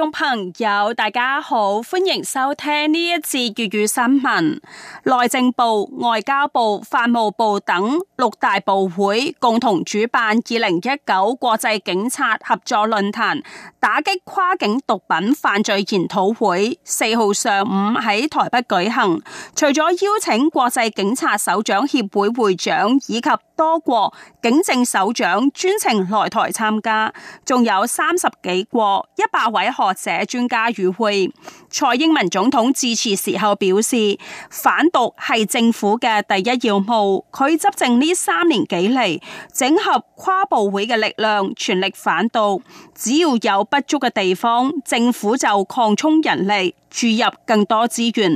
眾朋友，大家好，歡迎收聽呢一次粵語新聞。內政部、外交部、法務部等六大部會共同主辦2019國際警察合作論壇打擊跨境毒品犯罪研討會，四號上午喺台北舉行。除咗邀請國際警察首長協會會長以及多國警政首長專程來台參加，仲有三十幾國一百位學或者專家與會，蔡英文總統致辭時候表示，反毒係政府嘅第一要務。佢執政呢三年幾嚟，整合跨部會嘅力量，全力反毒。只要有不足嘅地方，政府就擴充人力，注入更多資源。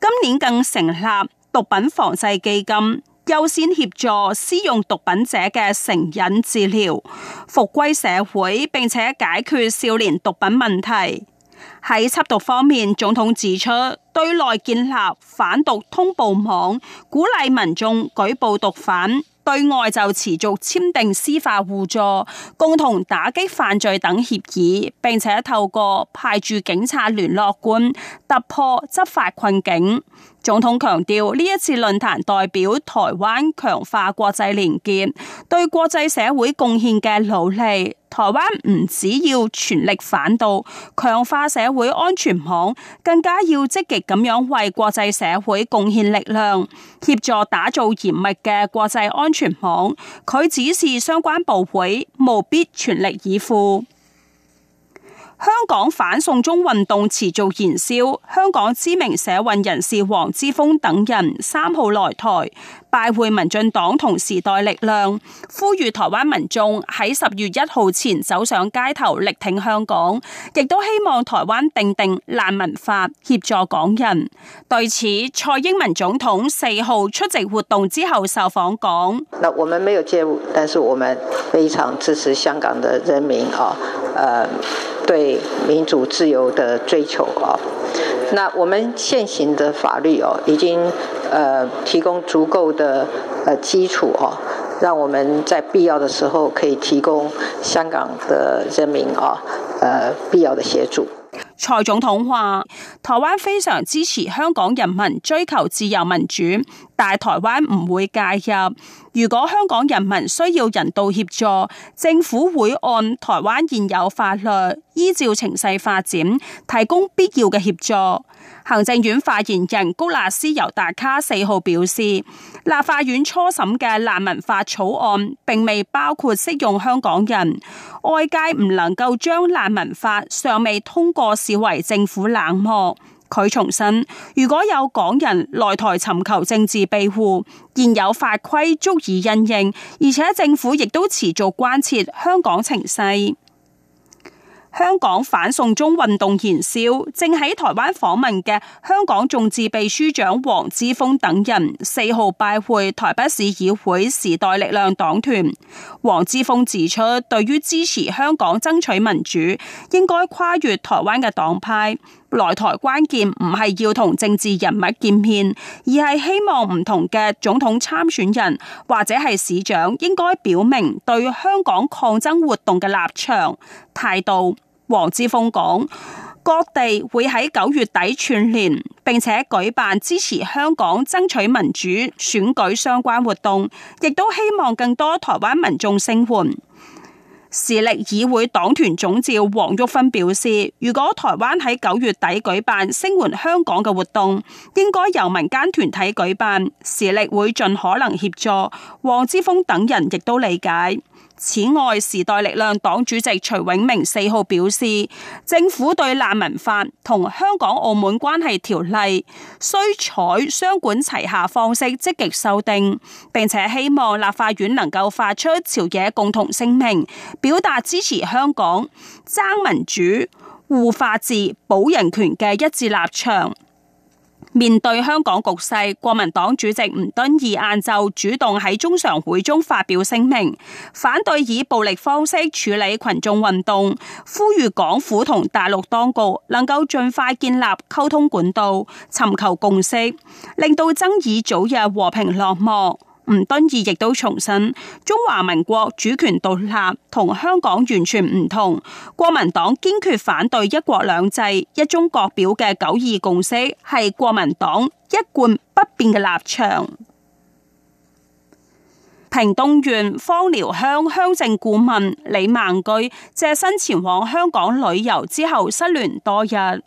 今年更成立毒品防制基金。優先協助私用毒品者嘅成癮治療、復歸社會，並且解決少年毒品問題。喺緝毒方面，總統指出，對內建立反毒通報網，鼓勵民眾舉報毒販；對外就持續簽訂司法互助、共同打擊犯罪等協議，並且透過派駐警察聯絡官突破執法困境。總統強調，呢一次論壇代表台灣強化國際連結對國際社會貢獻嘅努力。台灣唔只要全力反毒，強化社會安全網，更加要積極咁樣為國際社會貢獻力量，協助打造嚴密嘅國際安全網。佢指示相關部會務必全力以赴。香港反送中運動持續延燒，香港知名社運人士黃之鋒等人三號來台拜會民進黨同時代力量，呼籲台灣民眾喺十月一號前走上街頭力挺香港，亦都希望台灣訂定，定難民法協助港人。對此，蔡英文總統四號出席活動之後受訪講：那我們沒有介入，但是我們非常支持香港的人民啊，呃對民主自由的追求哦，那我們現行的法律哦，已經呃提供足夠的呃基礎哦，讓我們在必要的時候可以提供香港的人民哦，呃必要的協助。蔡總統話，台灣非常支持香港人民追求自由民主。大台灣唔會介入。如果香港人民需要人道協助，政府會按台灣現有法律，依照情勢發展，提供必要嘅協助。行政院發言人谷辣斯尤達卡四號表示，立法院初審嘅《難民法》草案並未包括適用香港人，外界唔能夠將《難民法》尚未通過視為政府冷漠。佢重申，如果有港人來台尋求政治庇護，現有法規足以因應，而且政府亦都持續關切香港情勢。香港反送中運動燃燒，正喺台灣訪問嘅香港眾志秘書長黃之鋒等人，四號拜會台北市議會時代力量黨團。黃之鋒指出，對於支持香港爭取民主，應該跨越台灣嘅黨派。來台關鍵唔係要同政治人物見面，而係希望唔同嘅總統參選人或者係市長應該表明對香港抗爭活動嘅立場態度。黃之鋒講，各地會喺九月底串聯，並且舉辦支持香港爭取民主選舉相關活動，亦都希望更多台灣民眾聲援。時力議會黨團總召黃郁芬表示，如果台灣喺九月底舉辦聲援香港嘅活動，應該由民間團體舉辦，時力會盡可能協助。黃之鋒等人亦都理解。此外，時代力量黨主席徐永明四號表示，政府對難民法同香港澳門關係條例需採雙管齊下方式積極修訂，並且希望立法院能夠發出朝野共同聲明，表達支持香港爭民主、護法治、保人權嘅一致立場。面對香港局勢，國民黨主席吳敦義晏晝主動喺中常會中發表聲明，反對以暴力方式處理群眾運動，呼籲港府同大陸當局能夠盡快建立溝通管道，尋求共識，令到爭議早日和平落幕。吳敦義亦都重申，中華民國主權獨立同香港完全唔同。國民黨堅決反對一國兩制、一中各表嘅九二共識，係國民黨一貫不變嘅立場。屏東縣枋寮鄉鄉政顧問李孟居借身前往香港旅遊之後失聯多日，台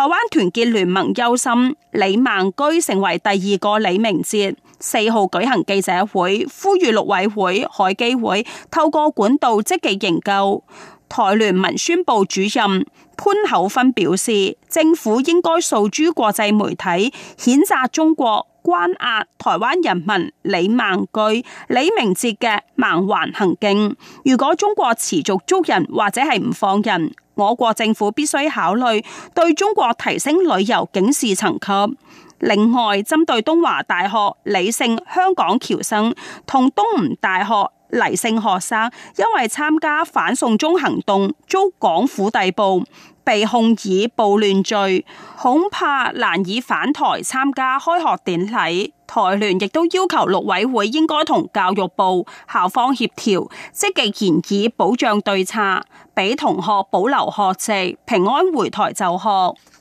灣團結聯盟憂心李孟居成為第二個李明哲。四號舉行記者會，呼籲陸委會、海基會透過管道積極營救。台聯文宣部主任潘厚芬表示，政府應該訴諸國際媒體，譴責中國關押台灣人民李孟居、李明哲嘅蠻橫行徑。如果中國持續捉人或者係唔放人，我國政府必須考慮對中國提升旅遊警示層級。另外，針對東華大學李姓香港僑生同東吳大學黎姓學生，因為參加反送中行動遭港府逮捕，被控以暴亂罪，恐怕難以返台參加開學典禮。台聯亦都要求陸委會應該同教育部校方協調，積極研議保障對策，俾同學保留學籍，平安回台就學。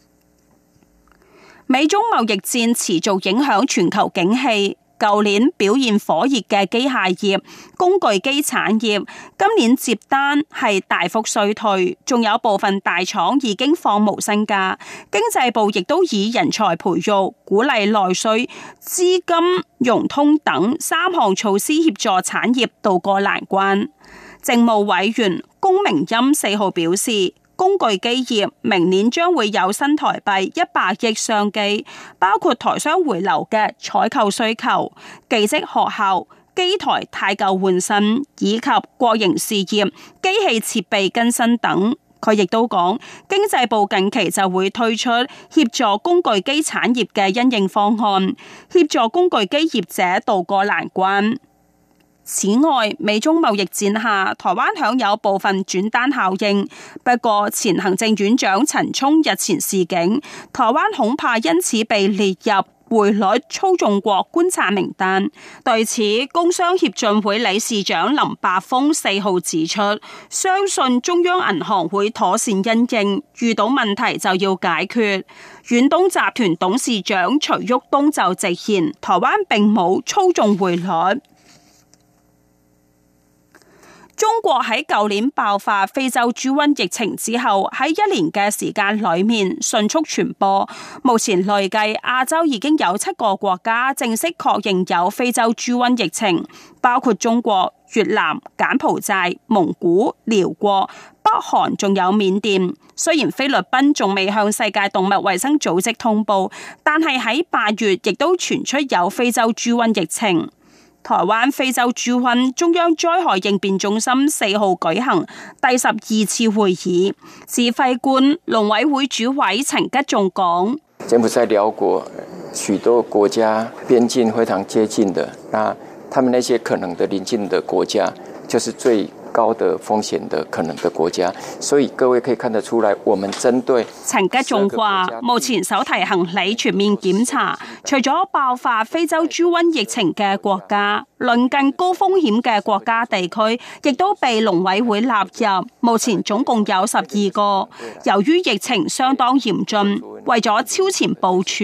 美中貿易戰持續影響全球景氣，舊年表現火熱嘅機械業、工具機產業，今年接單係大幅衰退，仲有部分大廠已經放無薪假。經濟部亦都以人才培育、鼓勵內需、資金融通等三項措施協助產業渡過難關。政務委員龔明鑫四號表示。工具機業明年將會有新台幣一百億商機，包括台商回流嘅採購需求、技職學校機台汰舊換新，以及國營事業機器設備更新等。佢亦都講，經濟部近期就會推出協助工具機產業嘅因應方案，協助工具機業者渡過難關。此外，美中貿易戰下，台灣享有部分轉單效應。不過，前行政院長陳冲日前示警，台灣恐怕因此被列入匯率操縱國觀察名單。對此，工商協進會理事長林柏豐四號指出，相信中央銀行會妥善因應，遇到問題就要解決。遠東集團董事長徐旭東就直言，台灣並冇操縱匯率。中國喺舊年爆發非洲豬瘟疫情之後，喺一年嘅時間裏面迅速傳播。目前累計亞洲已經有七個國家正式確認有非洲豬瘟疫情，包括中國、越南、柬埔寨、蒙古、寮國、北韓，仲有緬甸。雖然菲律賓仲未向世界動物衛生組織通報，但係喺八月亦都傳出有非洲豬瘟疫情。台灣非洲豬瘟中央災害應變中心四號舉行第十二次會議，指揮官農委會主委陳吉仲講：柬埔寨、寮國，許多國家邊境非常接近的，那他們那些可能的鄰近的國家，就是最高的風險的可能的國家，所以各位可以看得出來，我們針對陳吉仲話目前手提行李全面檢查，除咗爆發非洲豬瘟疫情嘅國家，鄰近高風險嘅國家地區亦都被農委會納入。目前總共有十二個，由於疫情相當嚴峻，為咗超前部署，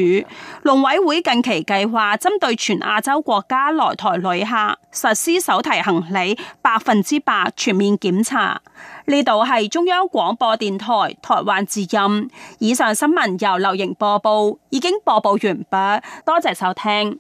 農委會近期計劃針對全亞洲國家來台旅客實施手提行李百分之百。全面檢查，呢度係中央廣播電台台灣字音。以上新聞由劉瑩播報，已經播報完畢，多謝收聽。